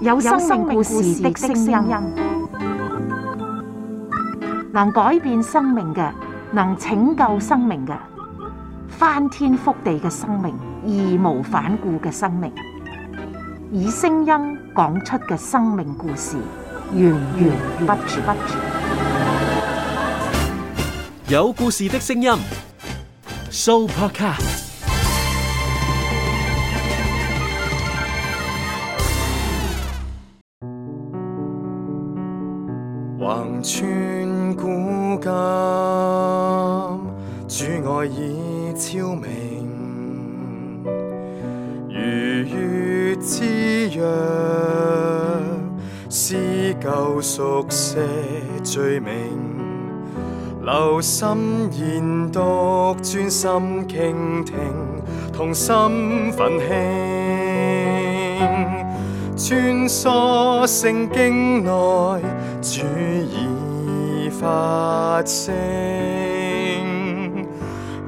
有生命故事的聲音，能改變生命嘅，能拯救生命嘅，翻天覆地嘅生命，義無反顧嘅生命，以聲音講出嘅生命故事，源源不絕。有故事的聲音，Sooopodcast。已超明，如月之約，撕舊熟寫罪名，留心研讀，專心傾聽，同心奮興，穿梭聖經內，主已發聲。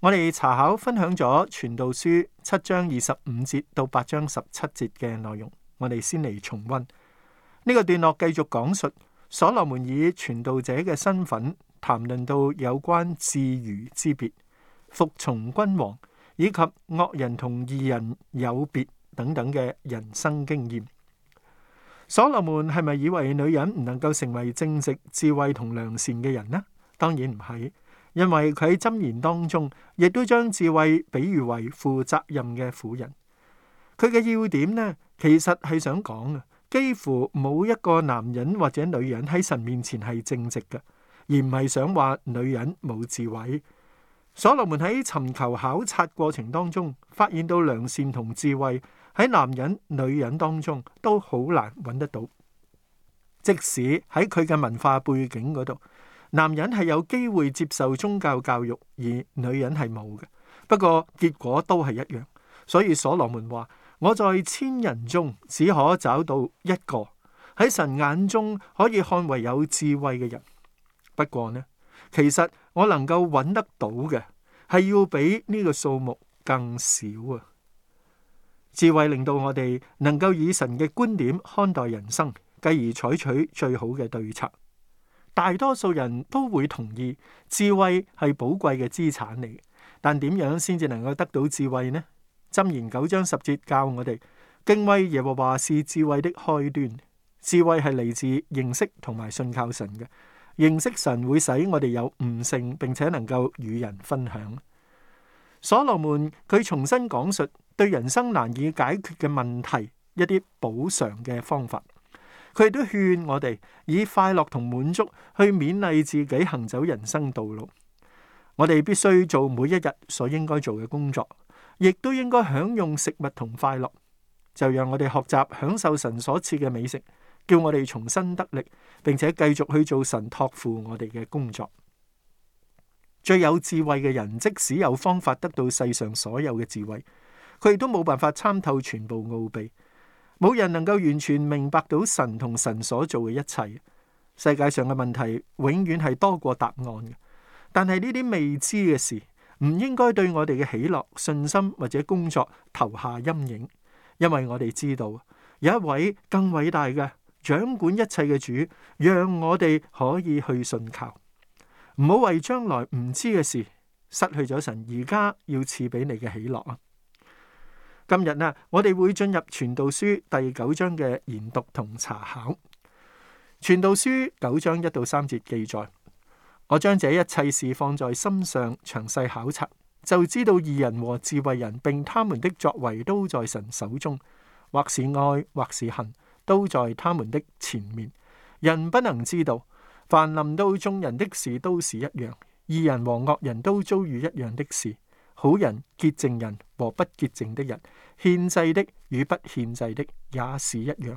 我哋查考分享咗《傳道書》七章二十五節到八章十七節嘅內容，我哋先嚟重溫呢個段落，繼續講述，所羅門以傳道者嘅身份談論到有關智愚之別、服從君王以及惡人同義人有別等等嘅人生經驗。所羅門係咪以為女人唔能夠成為正直、智慧同良善嘅人呢？當然唔係。因為佢喺箴言當中，亦都將智慧比喻為負責任嘅婦人。佢嘅要點呢，其實係想講啊，幾乎冇一個男人或者女人喺神面前係正直嘅，而唔係想話女人冇智慧。所羅門喺尋求考察過程當中，發現到良善同智慧喺男人、女人當中都好難揾得到，即使喺佢嘅文化背景嗰度。男人係有機會接受宗教教育，而女人係冇嘅。不過結果都係一樣，所以所羅門話：「我在千人中只可找到一個喺神眼中可以看為有智慧嘅人」。不過呢，其實我能夠揾得到嘅係要比呢個數目更少啊。智慧令到我哋能夠以神嘅觀點看待人生，繼而採取最好嘅對策。大多數人都會同意，智慧係寶貴嘅資產嚟。但點樣先至能夠得到智慧呢？箴言九章十節教我哋，敬畏耶和華是智慧的開端。智慧係嚟自認識同埋信靠神嘅。認識神會使我哋有悟性，並且能夠與人分享。所羅門，佢重新講述對人生難以解決嘅問題，一啲補償嘅方法。佢哋都勸我哋以快樂同滿足去勉勵自己行走人生道路。我哋必須做每一日所應該做嘅工作，亦都應該享用食物同快樂。就讓我哋學習享受神所賜嘅美食，叫我哋重新得力，並且繼續去做神託付我哋嘅工作。最有智慧嘅人，即使有方法得到世上所有嘅智慧，佢亦都冇辦法參透全部奧秘。冇人能夠完全明白到神同神所做嘅一切，世界上嘅問題永遠係多過答案嘅。但係呢啲未知嘅事，唔應該對我哋嘅喜樂、信心或者工作投下陰影，因為我哋知道有一位更偉大嘅掌管一切嘅主，讓我哋可以去信靠。唔好為將來唔知嘅事，失去咗神而家要賜俾你嘅喜樂啊！今日呢，我哋會進入《傳道書》第九章嘅研讀同查考。《傳道書》九章一到三節記載：我將這一切事放在心上，詳細考察，就知道義人和智慧人並他們的作為都在神手中，或是愛，或是恨，都在他們的前面。人不能知道。凡臨到眾人的事都是一樣，義人和惡人都遭遇一樣的事。好人、潔淨人和不潔淨的人，獻祭的與不獻祭的也是一樣。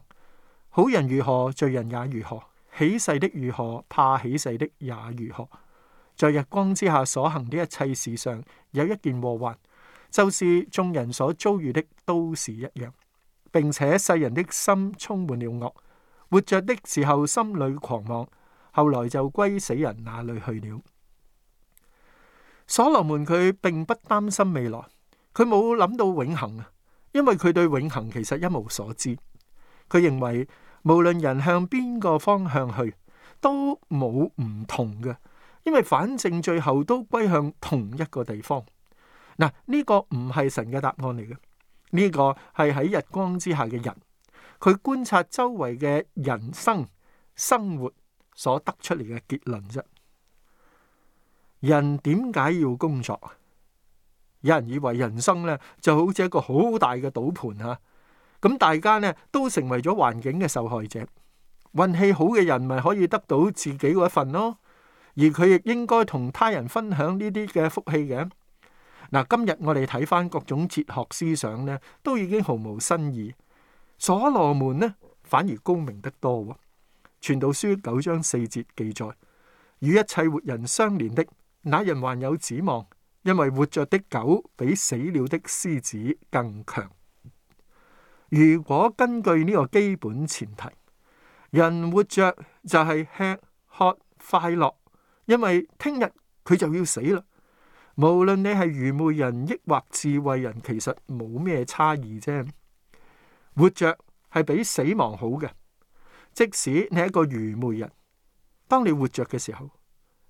好人如何，罪人也如何；起誓的如何，怕起誓的也如何。在日光之下所行的一切事上，有一件禍患，就是眾人所遭遇的都是一樣，並且世人的心充滿了惡，活着的時候心裏狂妄，後來就歸死人那裏去了。所羅門佢並不擔心未來，佢冇諗到永恒啊，因為佢對永恒其實一無所知。佢認為無論人向邊個方向去，都冇唔同嘅，因為反正最後都歸向同一個地方。嗱，呢個唔係神嘅答案嚟嘅，呢個係喺日光之下嘅人，佢觀察周圍嘅人生生活所得出嚟嘅結論啫。人點解要工作？有人以為人生咧就好似一個好大嘅賭盤吓，咁大家咧都成為咗環境嘅受害者。運氣好嘅人咪可以得到自己嗰一份咯，而佢亦應該同他人分享呢啲嘅福氣嘅。嗱，今日我哋睇翻各種哲學思想咧，都已經毫無新意。所羅門咧反而高明得多。傳道書九章四節記載，與一切活人相連的。那人還有指望，因為活着的狗比死了的獅子更強。如果根據呢個基本前提，人活着就係吃喝快樂，因為聽日佢就要死啦。無論你係愚昧人抑或智慧人，其實冇咩差異啫。活着係比死亡好嘅，即使你係一個愚昧人，當你活着嘅時候，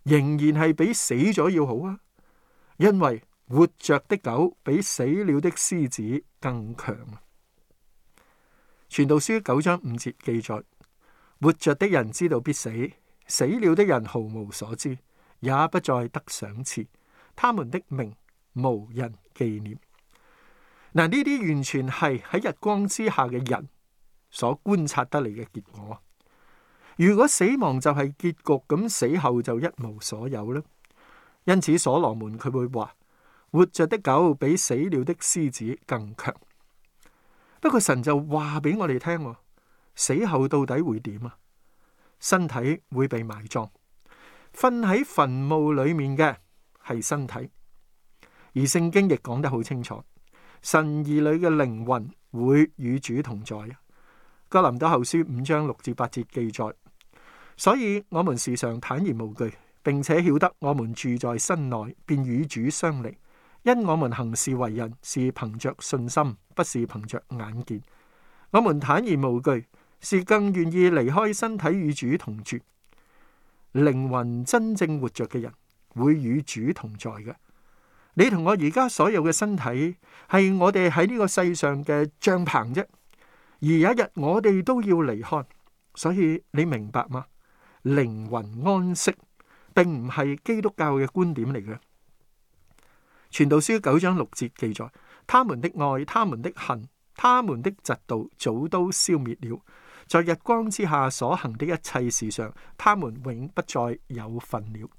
仍然係比死咗要好啊，因為活着的狗比死了的獅子更強啊。傳道書九章五節記載：活着的人知道必死，死了的人毫無所知，也不再得賞賜，他們的名無人紀念。嗱，呢啲完全係喺日光之下嘅人所觀察得嚟嘅結果。如果死亡就係結局，咁死後就一無所有咧。因此，所羅門佢會話：活着的狗比死了的獅子更強。不過，神就話俾我哋聽，死後到底會點啊？身體會被埋葬，瞓喺墳墓裏面嘅係身體。而聖經亦講得好清楚，神兒女嘅靈魂會與主同在。哥林多後書五章六至八節記載。所以，我們時常坦然無懼，並且曉得我們住在身內，便與主相離。因我們行事為人是憑着信心，不是憑着眼見。我們坦然無懼，是更願意離開身體與主同住。靈魂真正活着嘅人會與主同在嘅。你同我而家所有嘅身體係我哋喺呢個世上嘅帳篷啫，而有一日我哋都要離開，所以你明白嗎？靈魂安息，並唔係基督教嘅觀點嚟嘅。《傳道書》九章六節記載：他們的愛、他們的恨、他們的嫉妒，早都消滅了。在日光之下所行的一切事上，他們永不再有份了。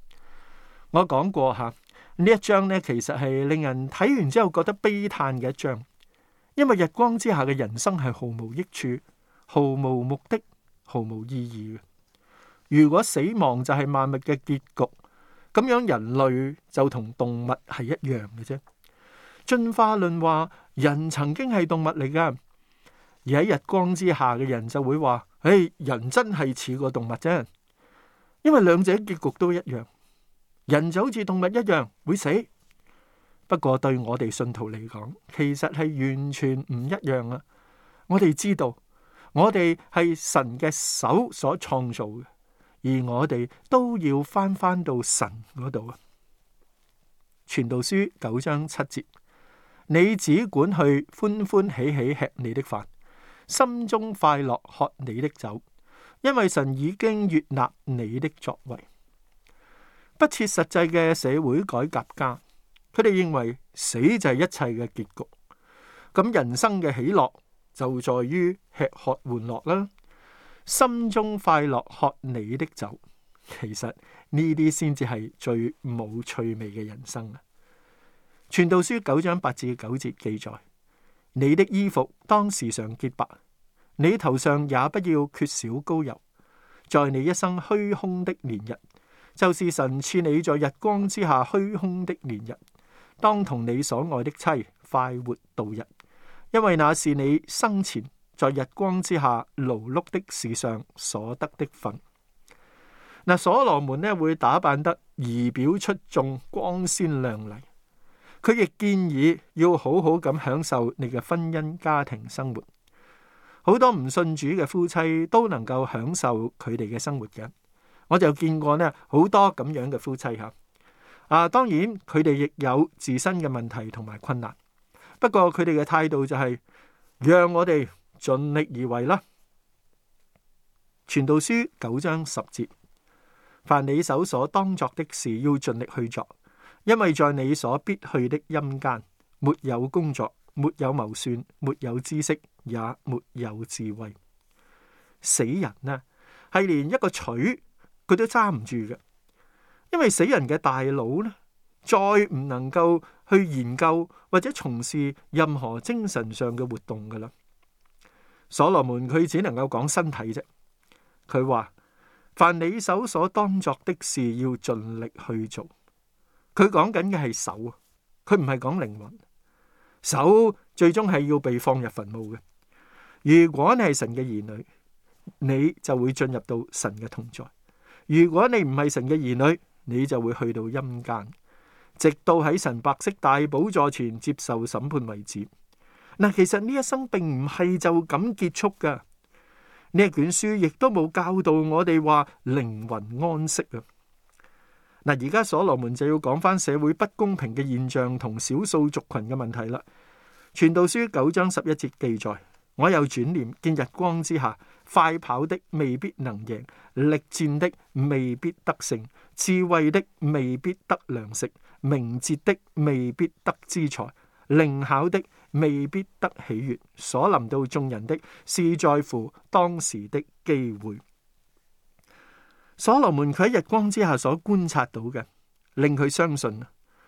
我講過吓呢一章呢，其實係令人睇完之後覺得悲嘆嘅一章，因為日光之下嘅人生係毫無益處、毫無目的、毫無意義。如果死亡就係萬物嘅結局，咁樣人類就同動物係一樣嘅啫。進化論話人曾經係動物嚟噶，而喺日光之下嘅人就會話：誒，人真係似個動物啫，因為兩者結局都一樣，人就好似動物一樣會死。不過對我哋信徒嚟講，其實係完全唔一樣啊！我哋知道，我哋係神嘅手所創造嘅。而我哋都要翻返到神嗰度啊！傳道書九章七節，你只管去歡歡喜喜吃你的飯，心中快樂喝你的酒，因為神已經悅納你的作為。不切實際嘅社會改革家，佢哋認為死就係一切嘅結局。咁人生嘅喜樂就在於吃喝玩樂啦。心中快樂喝你的酒，其實呢啲先至係最冇趣味嘅人生啊！傳道書九章八至九節記載：你的衣服當時常潔白，你頭上也不要缺少膏油。在你一生虛空的年日，就是神賜你在日光之下虛空的年日，當同你所愛的妻快活度日，因為那是你生前在日光之下勞碌的事上所得的份。嗱，所羅門咧會打扮得儀表出眾、光鮮亮麗。佢亦建議要好好咁享受你嘅婚姻家庭生活。好多唔信主嘅夫妻都能夠享受佢哋嘅生活嘅。我就見過呢好多咁樣嘅夫妻吓。啊，當然佢哋亦有自身嘅問題同埋困難，不過佢哋嘅態度就係、是、讓我哋。盡力而為啦，《傳道書》九章十節，凡你手所當作的事，要盡力去做，因為在你所必去的陰間，沒有工作，沒有謀算，沒有知識，也沒有智慧。死人呢，係連一個錘佢都揸唔住嘅，因為死人嘅大腦呢，再唔能夠去研究或者從事任何精神上嘅活動噶啦。所羅門佢只能夠講身體啫，佢話凡你手所當作的事要盡力去做，佢講緊嘅係手，佢唔係講靈魂。手最終係要被放入墳墓嘅。如果你係神嘅兒女，你就會進入到神嘅同在；如果你唔係神嘅兒女，你就會去到陰間，直到喺神白色大寶座前接受審判為止。嗱，其實呢一生並唔係就咁結束噶。呢一卷書亦都冇教導我哋話靈魂安息啊。嗱，而家所羅門就要講返社會不公平嘅現象同少數族群嘅問題啦。傳道書九章十一節記載：「我又轉念，見日光之下，快跑的未必能贏，力戰的未必得勝，智慧的未必得糧食，明哲的未必得資財。」靈巧的未必得喜悅，所臨到眾人的，是在乎當時的機會。所羅門佢喺日光之下所觀察到嘅，令佢相信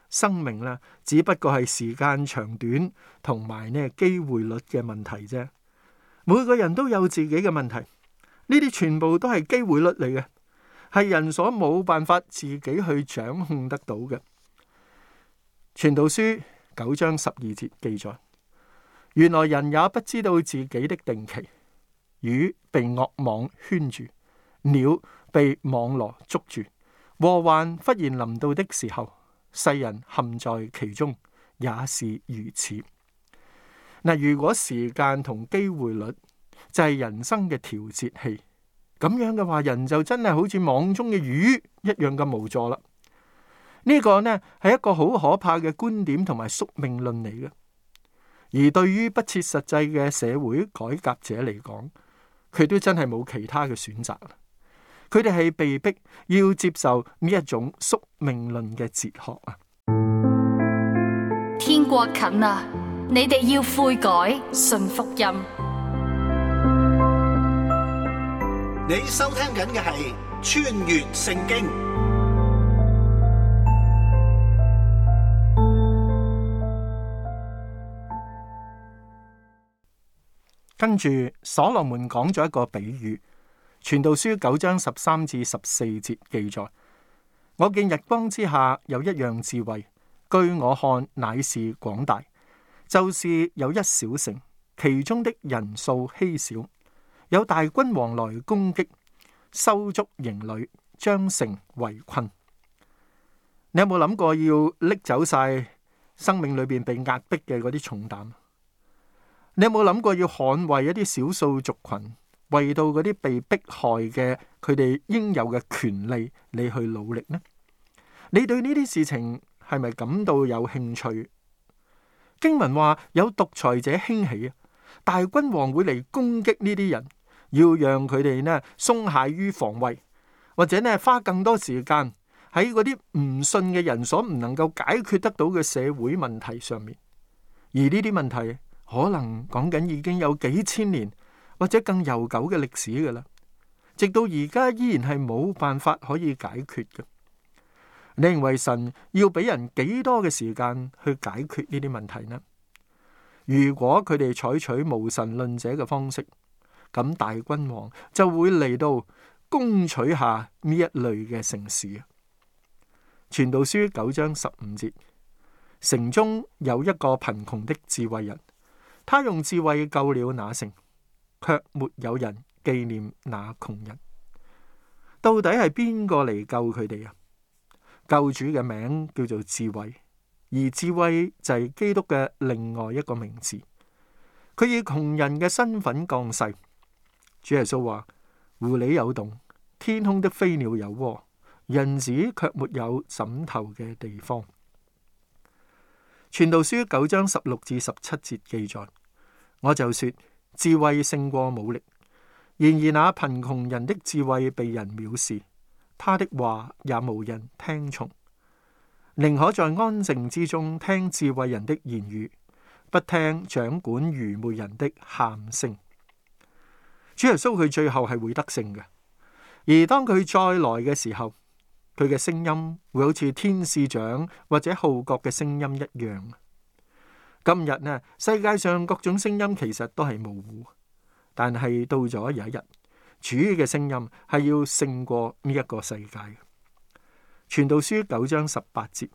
生命啦，只不過係時間長短同埋呢機會率嘅問題啫。每個人都有自己嘅問題，呢啲全部都係機會率嚟嘅，係人所冇辦法自己去掌控得到嘅。傳道書。九章十二節記載，原來人也不知道自己的定期，魚被惡網圈住，鳥被網羅捉住，禍患忽然臨到的時候，世人陷在其中也是如此。嗱，如果時間同機會率就係人生嘅調節器，咁樣嘅話，人就真係好似網中嘅魚一樣咁無助啦。呢個呢係一個好可怕嘅觀點同埋宿命論嚟嘅，而對於不切實際嘅社會改革者嚟講，佢都真係冇其他嘅選擇。佢哋係被逼要接受呢一種宿命論嘅哲學啊！天國近啊，你哋要悔改，信福音。你收聽緊嘅係穿越聖經。跟住，所羅門講咗一個比喻，《傳道書》九章十三至十四節記載：我見日光之下有一樣智慧，據我看乃是廣大，就是有一小城，其中的人數稀少，有大君王來攻擊，收足營壘，將城圍困。你有冇諗過要拎走晒生命裏邊被壓迫嘅嗰啲重擔？你有冇諗過要捍衛一啲少數族群，為到嗰啲被迫害嘅佢哋應有嘅權利，你去努力呢？你對呢啲事情係咪感到有興趣？經文話有獨裁者興起啊，大君王會嚟攻擊呢啲人，要讓佢哋呢鬆懈於防衛，或者呢花更多時間喺嗰啲唔信嘅人所唔能夠解決得到嘅社會問題上面，而呢啲問題。可能講緊已經有幾千年或者更悠久嘅歷史噶啦，直到而家依然係冇辦法可以解決嘅。你認為神要俾人幾多嘅時間去解決呢啲問題呢？如果佢哋採取無神論者嘅方式，咁大君王就會嚟到攻取下呢一類嘅城市。傳道書九章十五節，城中有一個貧窮的智慧人。他用智慧救了那城，卻沒有人紀念那窮人。到底係邊個嚟救佢哋啊？救主嘅名叫做智慧，而智慧就係基督嘅另外一個名字。佢以窮人嘅身份降世。主耶穌話：狐狸有洞，天空的飛鳥有窩，人子卻沒有枕頭嘅地方。《傳道書》九章十六至十七節記載，我就說智慧勝過武力。然而那貧窮人的智慧被人藐視，他的話也無人聽從，寧可在安靜之中聽智慧人的言語，不聽掌管愚昧人的喊聲。主耶穌佢最後係會得勝嘅，而當佢再來嘅時候。佢嘅聲音會好似天使長或者號角嘅聲音一樣。今日呢，世界上各種聲音其實都係模糊，但係到咗有一日，主嘅聲音係要勝過呢一個世界嘅。傳道書九章十八節：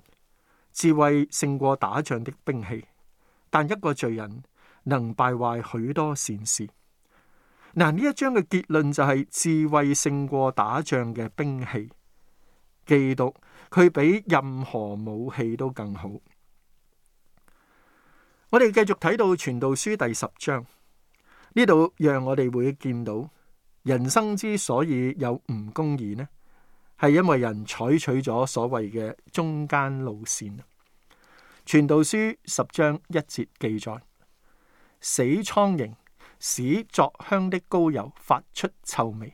智慧勝過打仗的兵器，但一個罪人能敗壞許多善事。嗱，呢一章嘅結論就係智慧勝過打仗嘅兵器。基督佢比任何武器都更好。我哋繼續睇到傳道書第十章，呢度讓我哋會見到人生之所以有唔公義呢，係因為人採取咗所謂嘅中間路線。傳道書十章一節記載：死蒼蠅使作香的膏油發出臭味，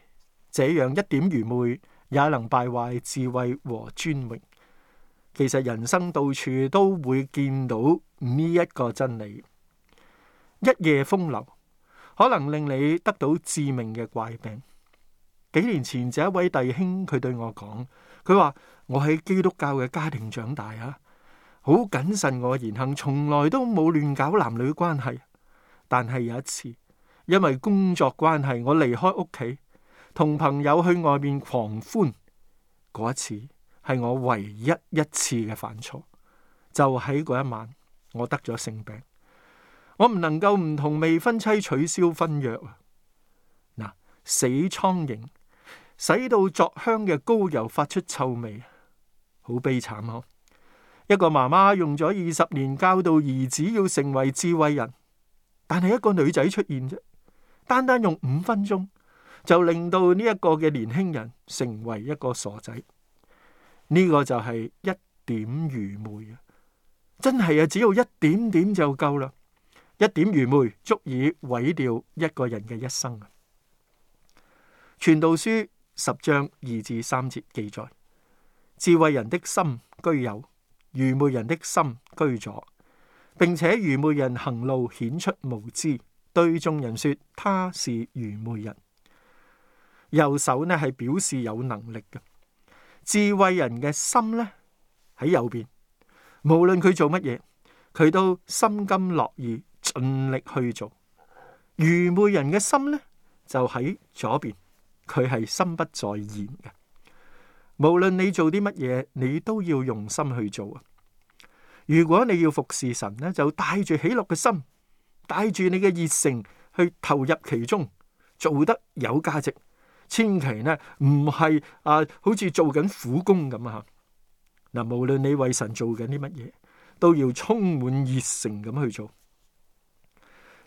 這樣一點愚昧。也能敗壞智慧和尊榮。其實人生到處都會見到呢一個真理。一夜風流，可能令你得到致命嘅怪病。幾年前，有一位弟兄佢對我講，佢話，我喺基督教嘅家庭長大啊，好謹慎我言行，從來都冇亂搞男女關係。但係有一次，因為工作關係，我離開屋企。同朋友去外面狂歡嗰一次，係我唯一一次嘅犯錯，就喺嗰一晚我得咗性病，我唔能夠唔同未婚妻取消婚約啊！嗱，死蒼蠅使到作香嘅膏油發出臭味，好悲慘啊！一個媽媽用咗二十年教導兒子要成為智慧人，但係一個女仔出現啫，單單用五分鐘。就令到呢一個嘅年輕人成為一個傻仔，呢、這個就係一點愚昧啊！真係啊，只要一點點就夠啦，一點愚昧足以毀掉一個人嘅一生啊。傳道書十章二至三節記載：「智慧人的心居右，愚昧人的心居左。」並且愚昧人行路顯出無知，對眾人說他是愚昧人。右手咧係表示有能力嘅。智慧人嘅心咧喺右邊，無論佢做乜嘢，佢都心甘樂意盡力去做。愚昧人嘅心咧就喺左邊，佢係心不在焉嘅。無論你做啲乜嘢，你都要用心去做啊！如果你要服侍神咧，就帶住喜樂嘅心，帶住你嘅熱誠去投入其中，做得有價值。千祈咧，唔係啊，好似做緊苦工咁啊！吓嗱，無論你為神做緊啲乜嘢，都要充滿熱誠咁去做。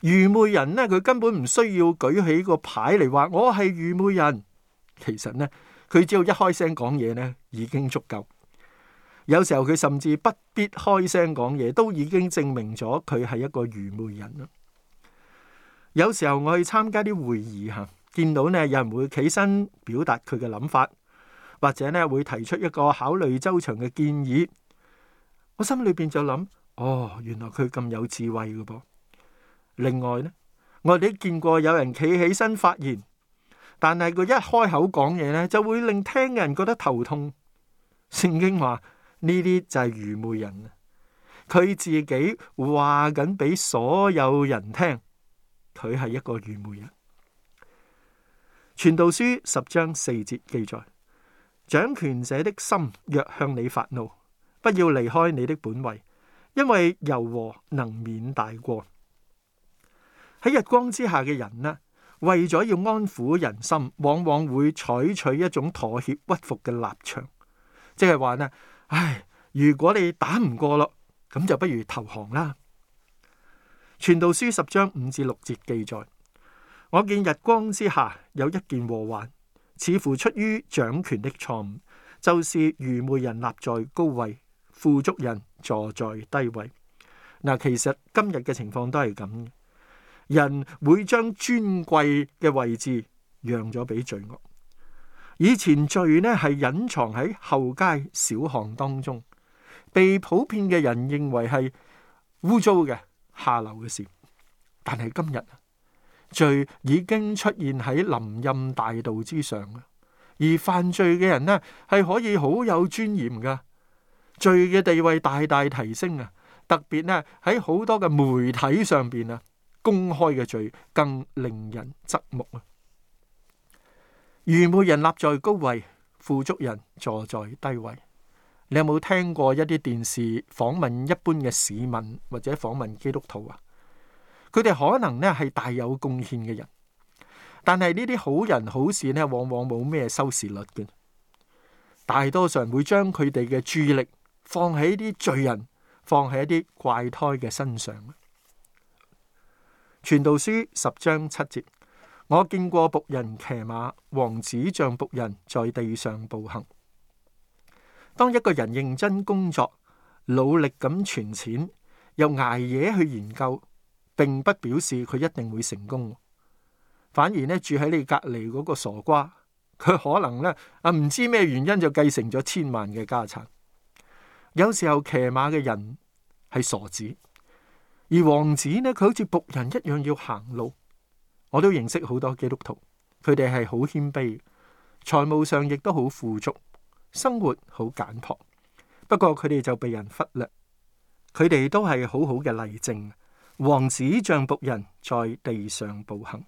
愚昧人咧，佢根本唔需要舉起個牌嚟話我係愚昧人，其實咧，佢只要一開聲講嘢咧，已經足夠。有時候佢甚至不必開聲講嘢，都已經證明咗佢係一個愚昧人啦。有時候我去參加啲會議吓。見到呢，有人會起身表達佢嘅諗法，或者呢，會提出一個考慮周詳嘅建議。我心裏邊就諗：哦，原來佢咁有智慧嘅噃。另外呢，我哋見過有人企起身發言，但係佢一開口講嘢呢，就會令聽嘅人覺得頭痛。聖經話呢啲就係愚昧人，佢自己話緊俾所有人聽，佢係一個愚昧人。傳道書十章四節記載：掌權者的心若向你發怒，不要離開你的本位，因為柔和能免大過。喺日光之下嘅人呢，為咗要安撫人心，往往會採取一種妥協屈服嘅立場，即係話呢，唉，如果你打唔過咯，咁就不如投降啦。傳道書十章五至六節記載。我見日光之下有一件禍患，似乎出於掌權的錯誤，就是愚昧人立在高位，富足人坐在低位。嗱，其實今日嘅情況都係咁，人會將尊貴嘅位置讓咗俾罪惡。以前罪呢係隱藏喺後街小巷當中，被普遍嘅人認為係污糟嘅下流嘅事，但係今日。罪已經出現喺林蔭大道之上，而犯罪嘅人呢係可以好有尊嚴㗎，罪嘅地位大大提升啊！特別呢喺好多嘅媒體上邊啊，公開嘅罪更令人側目啊！愚昧人立在高位，富足人坐在低位。你有冇聽過一啲電視訪問一般嘅市民或者訪問基督徒啊？佢哋可能咧係大有貢獻嘅人，但係呢啲好人好事咧，往往冇咩收視率嘅。大多數會將佢哋嘅注意力放喺啲罪人，放喺啲怪胎嘅身上。傳道書十章七節，我見過僕人騎馬，王子像僕人在地上步行。當一個人認真工作，努力咁存錢，又捱夜去研究。並不表示佢一定會成功，反而呢，住喺你隔籬嗰個傻瓜，佢可能呢，啊，唔知咩原因就繼承咗千萬嘅家產。有時候騎馬嘅人係傻子，而王子呢，佢好似僕人一樣要行路。我都認識好多基督徒，佢哋係好謙卑，財務上亦都好富足，生活好簡樸。不過佢哋就被人忽略，佢哋都係好好嘅例證。王子像僕人在地上步行。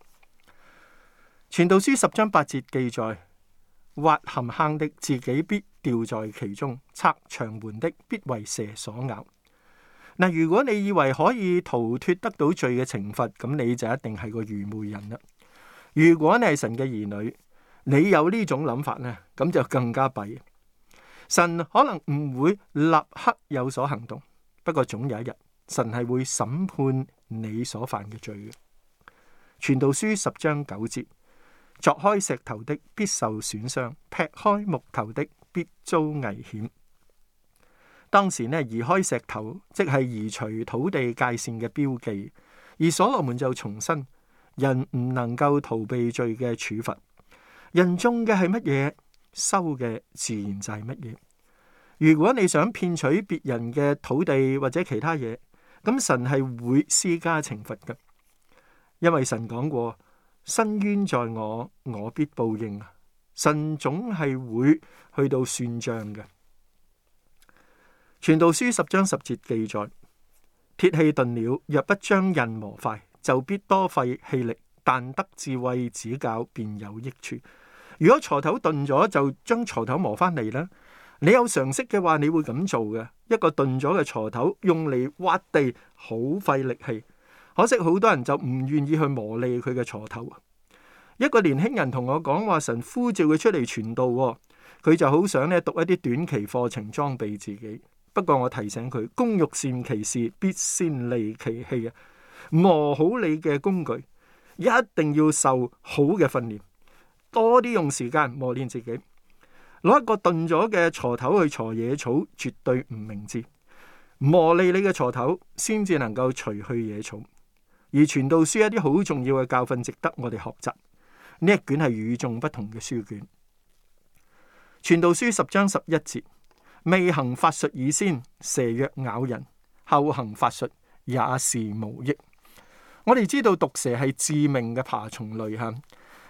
傳道書十章八節記載：挖陷坑的自己必掉在其中，拆牆門的必為蛇所咬。嗱，如果你以為可以逃脫得到罪嘅懲罰，咁你就一定係個愚昧人啦。如果你係神嘅兒女，你有呢種諗法呢，咁就更加弊。神可能唔會立刻有所行動，不過總有一日。神係會審判你所犯嘅罪嘅。傳道書十章九節：鑿開石頭的必受損傷，劈開木頭的必遭危險。當時呢移開石頭，即係移除土地界線嘅標記；而所羅門就重申：人唔能夠逃避罪嘅處罰。人種嘅係乜嘢，收嘅自然就係乜嘢。如果你想騙取別人嘅土地或者其他嘢，咁神係會施加懲罰嘅，因為神講過：伸冤在我，我必報應。神總係會去到算賬嘅。傳道書十章十節記載：鐵器鈍了，若不將刃磨快，就必多費氣力；但得智慧指教，便有益處。如果鋤頭鈍咗，就將鋤頭磨翻嚟啦。你有常識嘅話，你會咁做嘅。一個鈍咗嘅鋤頭用嚟挖地，好費力氣。可惜好多人就唔願意去磨利佢嘅鋤頭。一個年輕人同我講話，神呼召佢出嚟傳道喎，佢就好想咧讀一啲短期課程裝備自己。不過我提醒佢：工欲善其事，必先利其器嘅。磨好你嘅工具，一定要受好嘅訓練，多啲用時間磨練自己。攞一個鈍咗嘅鋤頭去鋤野草，絕對唔明智。磨利你嘅鋤頭，先至能夠除去野草。而《傳道書》一啲好重要嘅教訓，值得我哋學習。呢一卷係與眾不同嘅書卷，《傳道書》十章十一節，未行法術以先蛇若咬人，後行法術也是無益。我哋知道毒蛇係致命嘅爬蟲類吓、啊，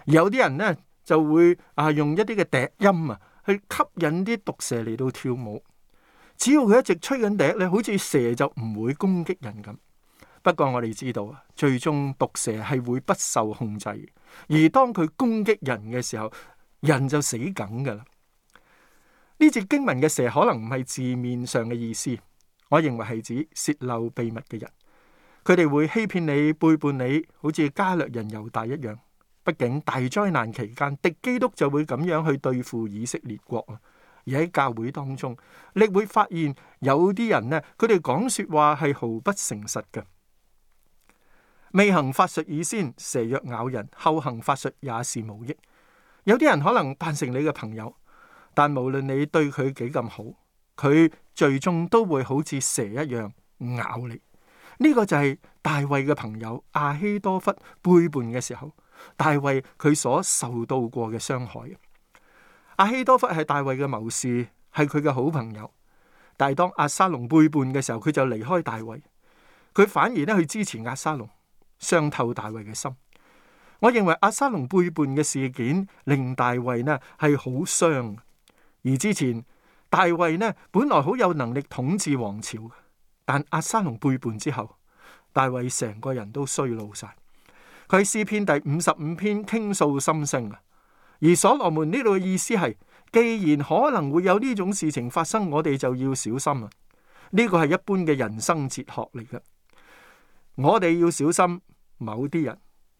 有啲人呢，就會啊用一啲嘅笛音啊。去吸引啲毒蛇嚟到跳舞，只要佢一直吹緊笛咧，好似蛇就唔會攻擊人咁。不過我哋知道啊，最終毒蛇係會不受控制，而當佢攻擊人嘅時候，人就死梗噶啦。呢節經文嘅蛇可能唔係字面上嘅意思，我認為係指洩漏秘密嘅人，佢哋會欺騙你、背叛你，好似加略人猶大一樣。畢竟大災難期間，敵基督就會咁樣去對付以色列國。而喺教會當中，你會發現有啲人呢，佢哋講說話係毫不誠實嘅。未行法術以先，蛇若咬人，後行法術也是無益。有啲人可能扮成你嘅朋友，但無論你對佢幾咁好，佢最終都會好似蛇一樣咬你。呢、這個就係大衛嘅朋友亞希多弗背叛嘅時候。大衛佢所受到過嘅傷害，阿希多弗係大衛嘅謀士，係佢嘅好朋友。但係當亞沙龍背叛嘅時候，佢就離開大衛，佢反而咧去支持阿沙龍，傷透大衛嘅心。我認為阿沙龍背叛嘅事件令大衛呢係好傷。而之前大衛呢本來好有能力統治王朝，但阿沙龍背叛之後，大衛成個人都衰老晒。佢喺詩篇第五十五篇傾訴心聲啊，而所羅門呢度嘅意思係，既然可能會有呢種事情發生，我哋就要小心啊！呢個係一般嘅人生哲學嚟嘅，我哋要小心某啲人，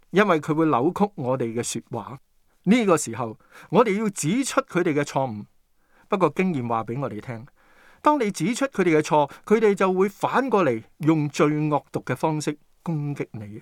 因為佢會扭曲我哋嘅說話。呢個時候，我哋要指出佢哋嘅錯誤。不過經驗話俾我哋聽，當你指出佢哋嘅錯，佢哋就會反過嚟用最惡毒嘅方式攻擊你。